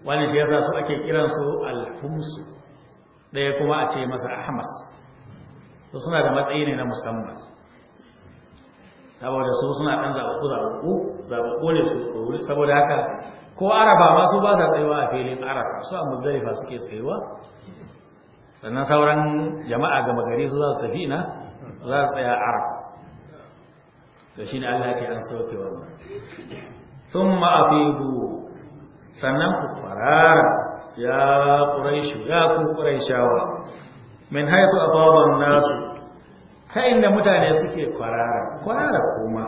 wani shi yasa su ake kiransu alhumsu ɗaya kuma a ce masa ahmas to suna da matsayi ne na musamman saboda su suna ɗan zaɓaɓɓu zaɓaɓɓu zaɓaɓɓu ne su wuri saboda haka ko araba ma su ba sa tsayuwa a filin arasa su a muzdalifa suke tsayuwa sannan sauran jama'a gama gari su za su tafi na za su tsaya arab to shine Allah ya ce an sauke wannan thumma afidu sannan ku farara ya quraishu ya ku quraishawa min haythu afaba nasu ta inda mutane suke kwarara kwarara kuma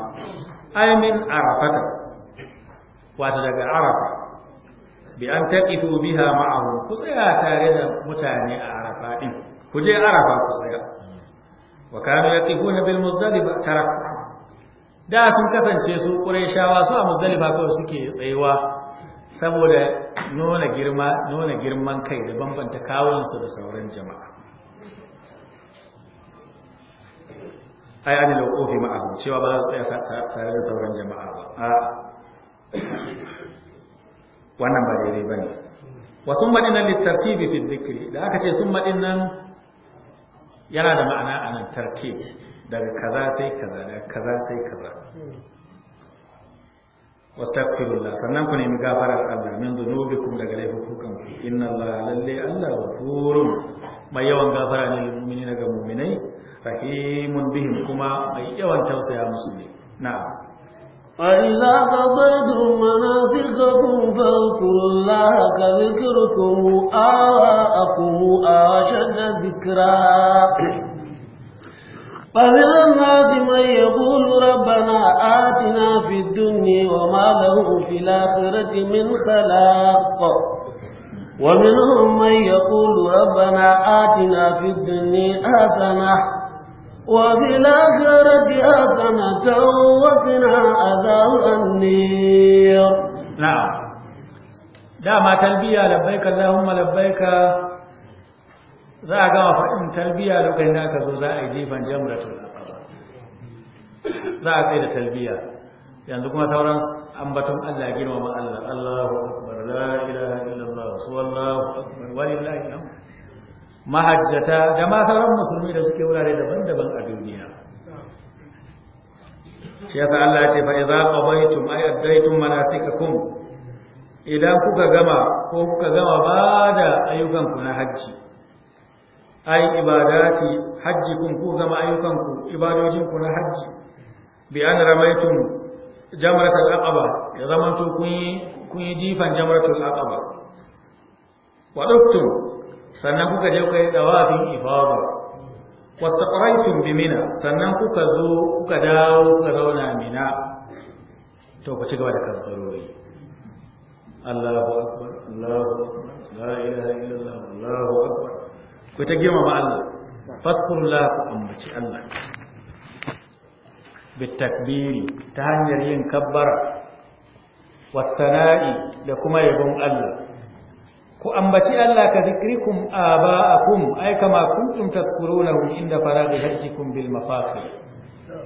aimin arafata wato daga arafa bi an taqifu biha ma'ahu ku tsaya tare da mutane a arafa din ku je arafa ku tsaya wa kanu yaqifuna bil muzdalifa tarak da sun kasance su quraishawa su a muzdalifa kawai suke tsayuwa saboda nuna girma nuna girman kai da bambanta kawunsu da sauran jama'a ai an lau kofi ma'ahu cewa ba za su tsaya tare da sauran jama'a ba a wannan ba daidai ba ne wa sun maɗin nan littartibi fi zikiri da aka ce sun maɗin nan yana da ma'ana a nan tartib daga kaza sai kaza daga kaza sai kaza wastaghfirullah sannan ku nemi gafarar Allah min dhunubikum daga laifukan ku inna Allah lalle Allah ghafurun mai yawan gafara ne lil mu'minina ga mu'minai rahimun bihim kuma mai yawan tausaya musu ne na'am فإذا قضيتم مناسككم فاذكروا الله كذكركم آواءكم أشد ذكرا فمن الناس من يقول ربنا آتنا في الدنيا وما له في الآخرة من خلاق ومنهم من يقول ربنا آتنا في الدنيا حسنة وفي الآخرة حسنة وقنا عذاب النير نعم dama talbiya labbaika Allahumma labbaika za a gama faɗin talbiya lokacin da aka zo za a yi jifan jamratul za a kai da talbiya yanzu kuma sauran ambaton Allah girmama Allah Allahu akbar la ilaha illallah wallahu akbar mahajjata da mataran musulmi da suke wurare daban-daban a duniya shi yasa Allah ya ce fa idza qadaytum ay addaytum manasikakum idan kuka gama ko kuka gama bada ayyukan ku na haji ay ibadati kun ku gama ayyukan ku ibadojin ku na haji bi an ramaytum jamratul aqaba ya zamanto kun yi kun yi jifan jamratul aqaba wa duktum sannan kuka je kuka yi tawafin ifada wastaqraytum bi mina sannan kuka zo kuka dawo kuka zauna mina to ku ci gaba da kabbarori Allahu akbar Allahu akbar la ilaha illallah Allahu akbar ku ta gima girmama Allah fadhkurullah ku ambaci Allah bitakbiri ta hanyar yin kabbara wasana'i da kuma yabon Allah ku ambaci Allah ka zikrikum aba'akum ai kama kuntum tadhkurunahu inda faraghi hajjikum bil mafaqi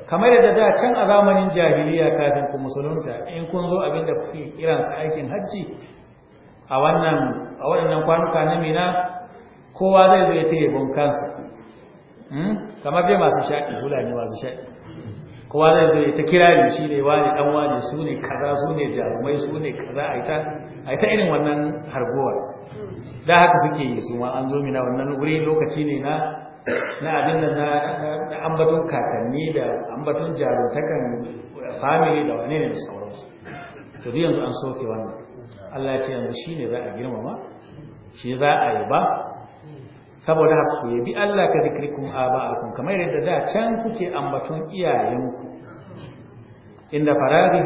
kamar yadda da can a zamanin jahiliya kafin ku musulunta in kun zo abinda kuke kiran sa aikin hajji a wannan a wannan kwanuka na mina kowa zai zo ya ce bunkansa. Hmm? kamar dai masu shaƙi hula ne masu shaƙi kowa zai zo ya ta kirari shi ne wani dan wani su ne kaza su ne jarumai su ne kaza a ita irin wannan harguwa da haka suke yi su ma an zo mina wannan wuri lokaci ne na na abin da na ambaton kakanni da ambaton jarumtakan family da wani ne da sauransu to duk yanzu an soke wannan Allah ya ce yanzu shine za a girmama shi za a yi ba saboda haka su yabi Allah ka zikrikum aba'akum kamar yadda da can kuke ambaton iyayenku inda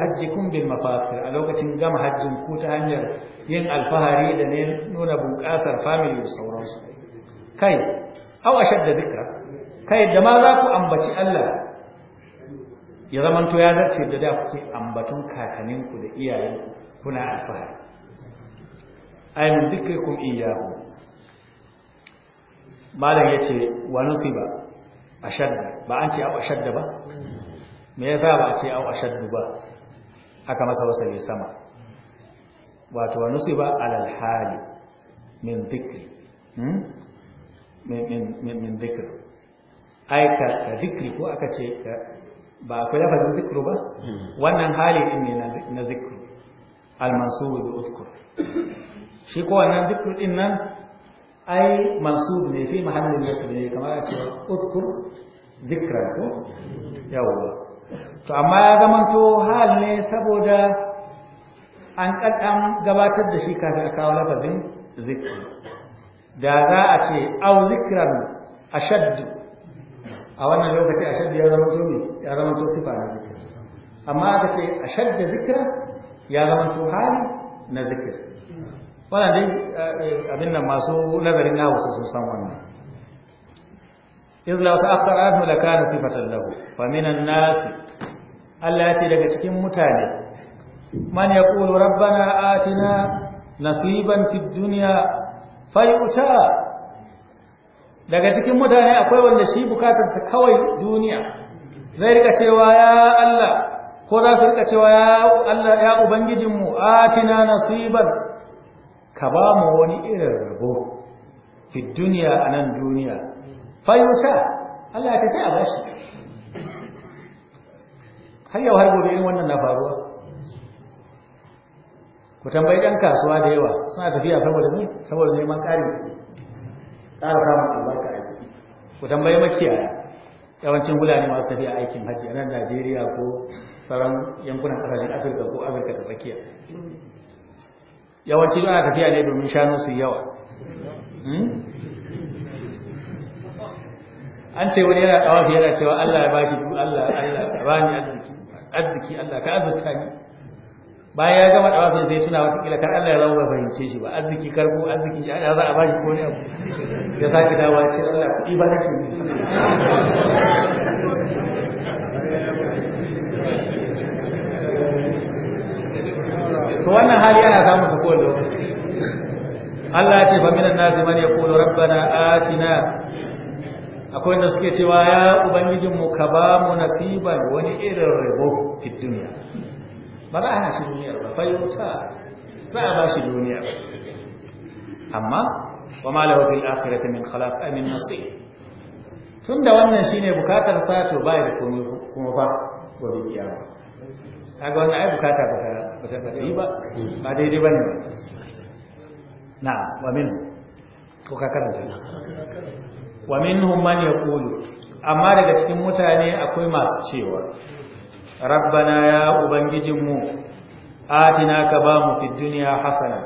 hajji kun bil mafakir a lokacin gama hajjin ku ta hanyar yin alfahari da ne nuna bunƙasar family da sauransu kai aw da zikra kai da ma za ku ambaci Allah ya zamanto ya dace da da kuke ambaton kakanninku da iyayenku kuna alfahari ay min iyyahu malam ya ce wa nusiba a shadda ba an ce au a shadda ba me ya ba a ce au a shaddu ba aka masa wasa wasanni sama wato wa nusiba alal hali min zikri hmm? min zikri ai ka zikri ko aka ce ba akwai lafazin zikru ba wannan hali din ne na zikru al-mansub bi uzkur shi ko wannan zikru din nan ai mansub ne fi mahallin nasb ne kamar a ce udkur dhikran ko yawa to amma ya ga manto hal ne saboda an kaddan gabatar da shi kafin a kawo lafazin zikr da za a ce au zikran ashadd a wannan lokaci ashadd ya zamanto ne ya zamanto sifa na zikr amma aka ce ashadd zikra ya zamanto hali na zikr wannan dai eh, eh, abin nan masu nazarin yawo su sun san wannan izla ta akhara anhu lakana sifatan lahu fa minan nas Allah ya ce daga cikin mutane man yaqulu rabbana atina nasiban fid dunya fayuta daga cikin mutane akwai wanda shi ta kawai duniya zai rika cewa ya Allah ko za su rika cewa ya Allah ya ubangijinmu atina nasiban ka ba mu wani irin rabo fi duniya a nan duniya fayyuta Allah ta sai a bashi har yau har gobe irin wannan na faruwa ku tambayi ɗan kasuwa da yawa suna tafiya saboda ni saboda neman ƙari ƙara samun albarka a ku tambayi makiyaya yawancin gulani masu tafiya aikin hajji a nan najeriya ko sauran yankunan ƙasashen afirka ko afirka ta tsakiya yawanci ana tafiya ne domin shanu su yawa hmm? an ce wani yana fiye yana cewa Allah ya bashi duk Allah Allah ka bani arziki arziki Allah ka azurta ni bayan ya gama tawafin sai suna wata ƙila kar Allah ya zama ba fahimce shi ba arziki karko arziki ya za a bashi ko kone abu ya sake dawa ce Allah kuɗi ba nake ne to wannan hali yana Allah ya ce fa minan nasi man yaqulu rabbana atina akwai wanda suke cewa ya ubangijin mu ka ba mu nasiban wani irin rabo ki duniya ba za a hana shi duniyar ba fa yuta za a ba shi duniya amma wa ma lahu fil akhirati min khalaq amin nasib tunda wannan shine bukatar sa to ba ya komai kuma ba gobe kiyama kaga wannan ai bukata ba ta ba ta yi ba ba daidai bane ba na'am wa minhu ko ka karanta wa minhum man amma daga cikin mutane akwai masu cewa rabbana ya ubangijinmu atina ka ba mu fi dunya hasana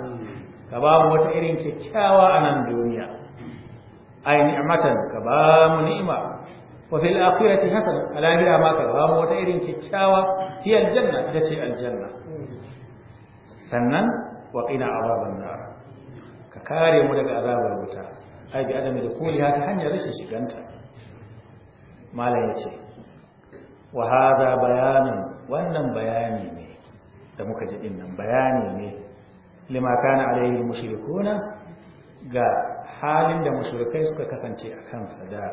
ka ba mu wata irin kyakkyawa a nan duniya ay ni'matan ka ba mu ni'ima wa fil akhirati hasana alahira ma ka ba mu wata irin kyakkyawa fi aljanna ita ce aljanna sannan wa qina azaban nar kare mu daga azabar wuta aiki bi da kuli ta hanyar rashin shiganta ya yace wa hadha bayanin wannan bayani ne da muka ji dinnan bayani ne lima kana alaihi mushrikuna ga halin da mushrikai suka kasance a kansa da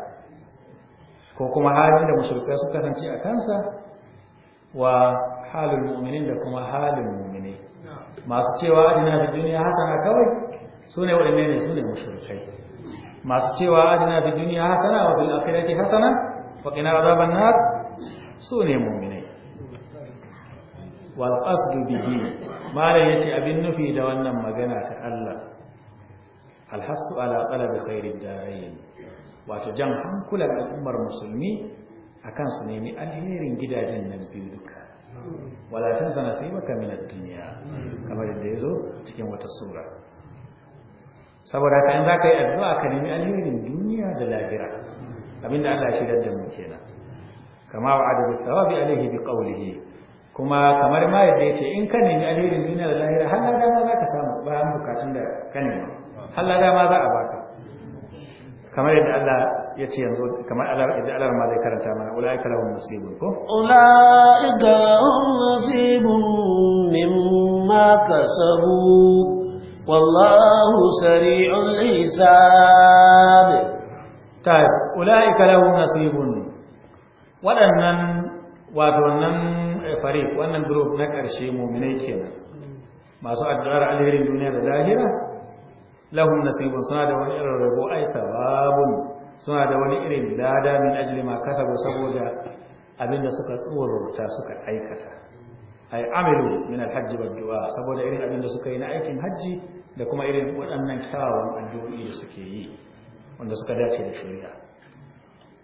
ko kuma halin da mushrikai suka kasance a kansa wa halin mu'minin da kuma halin mu'mini masu cewa ina da duniya hasana kawai su ne waɗannan ne su ne mushrikai masu cewa adina fi duniya hasana wa fil akhirati hasana wa qina azaban nar su ne mu'minai wal qasdu bihi malam yace abin nufi da wannan magana ta Allah alhasu ala talabi khairid darain wato jan hankulan al'ummar musulmi akan su nemi alherin gidajen nan biyu duka wala tansa nasibaka min ad-dunya kamar yadda yazo cikin wata sura saboda haka in za ka yi addu'a ka nemi alherin duniya da lahira abinda Allah ya shirya da mu kenan kama wa adabu sawabi alaihi bi qawlihi kuma kamar ma yadda yace in ka nemi alherin duniya da lahira har da ma za ka samu ba an bukatun da ka nemi har da ma za a baka kamar yadda Allah ya ce yanzu kamar yadda Allah ma zai karanta mana ulaika lahum nasibun ko ulaika lahum nasibun mimma kasabu والله سريع الحساب طيب أولئك لهم نصيب waɗannan wato nan eh, fari wannan group na ƙarshe muminai kenan masu addu'ar alherin duniya da lahira lahum nasibun suna da wani irin rabo ai tawabun suna da wani irin lada min ajli ma kasabu saboda abinda suka tsorota suka aikata ay amilu min Hajji wad du'a saboda irin abin da suka yi na aikin hajji da kuma irin waɗannan kyawun addu'o'i da suke yi wanda suka dace da shari'a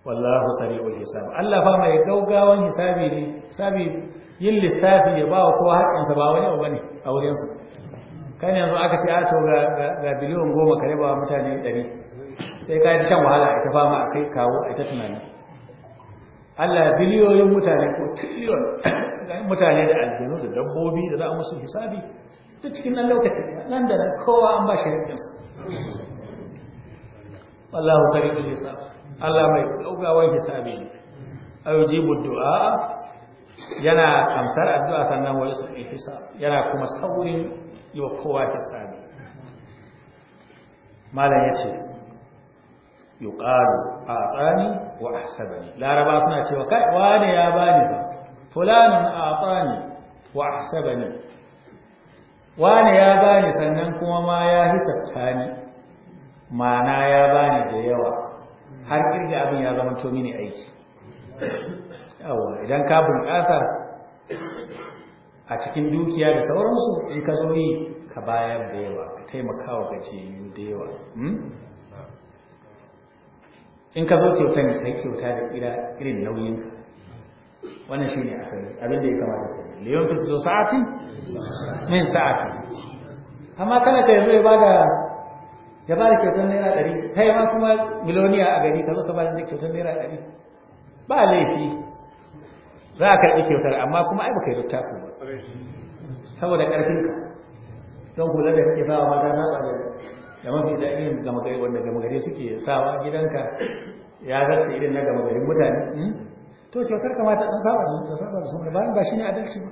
wallahu sari'ul hisab Allah fa mai gaugawan hisabi ne sabi yin lissafi ya ba kowa sa ba wani abu bane a wurin kan yanzu aka ce a to ga ga biliyon goma ka ba mutane 100 sai ka yi shan wahala ita fama kai kawo ita tunani Allah biliyoyin mutane ko trillion mutane da aljanu da dabbobi da za a musu hisabi duk cikin nan lokacin nan da kowa an ba shi rikinsa wallahu sarikul hisab Allah mai daugawan hisabi ne ayujibu du'a yana amsar addu'a sannan wani sarkin hisab yana kuma saurin yi wa kowa hisabi malam yace yuqalu a'tani wa ahsabani laraba suna cewa kai wane ya bani ba fulanun atani wa ahsabani wane ya bani sannan kuma ma ya hisabta ni mana ya bani da yawa har kirga abin ya zama to mini aiki yawa idan ka bunƙasa a cikin dukiya da sauransu in ka zo yi ka bayar da yawa ka taimaka wa gajiyayyu da yawa hmm? in ka zo kyauta ne kai kyauta da ira irin nauyin ka wannan shine asali abin da ya kamata ka yi leon zo sa'atin min sa'atin amma kana ka yanzu ya bada ya bada kyautar naira ɗari yi ma kuma miloniya a gari ka zo ka bada kyautar naira ɗari ba laifi za a karɓi kyautar amma kuma ai baka yi ku ba saboda ƙarfinka don kula da kake sawa mata na tsare da mafi daɗin gama gari wanda gama gari suke sawa gidanka ya zarce irin na gama gari mutane hmm? to kyautar kamata ɗan saba da ta saba da ba bayan ba shi ne adalci ba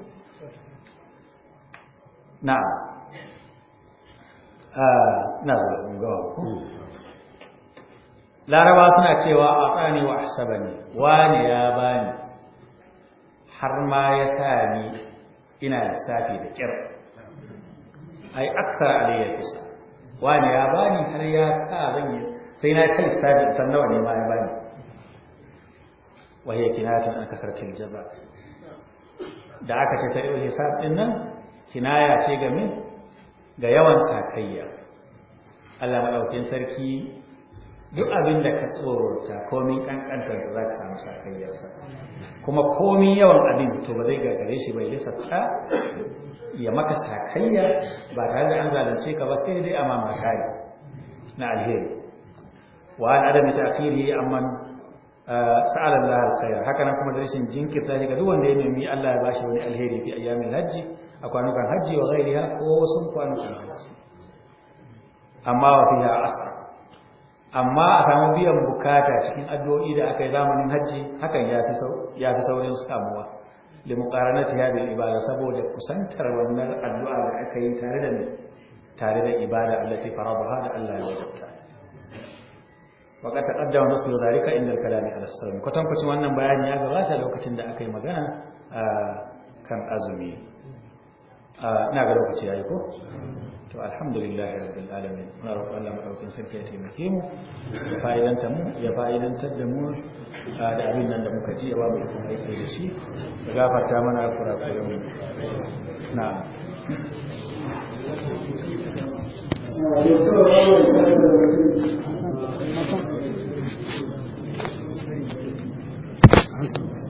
na na zuwa gawa laraba suna cewa a tsani wa asaba ne wani ya bani har ma ya sa ni ina lissafi da kyar ai akka aliyar kusa wani ya bani har ya sa zan yi sai na ce sai san nawa ne ma ya bani wahiyar kinata an kasar jaza da aka ce sai hisab din nan kinaya ce game ga yawan sakayya Allah madaukin sarki duk abin da ka tsorota komin kankantar za ka samu sakayyarsa kuma komin yawan abin to ba zai gagare shi bai ta ya maka sakayya ba tare da an zalunce ka ba sai dai a mamakari na alheri wa an adam ta akiri amma ah, sa'ala Allah alkhair haka nan kuma da rashin jinkirta shi ga duk wanda ya nemi allah ya bashi wani alheri fi ayyamin hajji a kwanukan hajji wa gairiya ko sun kwanukan hajji amma wa fiha asar amma a samu biyan bukata cikin addu'o'i da aka yi zamanin hajji hakan ya fi saurin samuwa limukaranati ya bil ibada saboda kusantar wannan addu'a da aka yi tare da tare da ibada allati faradaha da Allah ya wajabta wa qad taqaddama nasl zalika inda kalami ala as-salam wannan bayani ya gabata lokacin da aka yi magana ah, kan azumi Ah, ina ga lokaci yi ko to alhamdulillah rabbil alamin muna roƙon Allah madaukakin sarki ya taimake mu ya fa'idanta mu ya fa'idantar da mu ah, da abin nan da muka ji ya mai mu kuma aiki da shi ya gafarta mana kurakuren mu na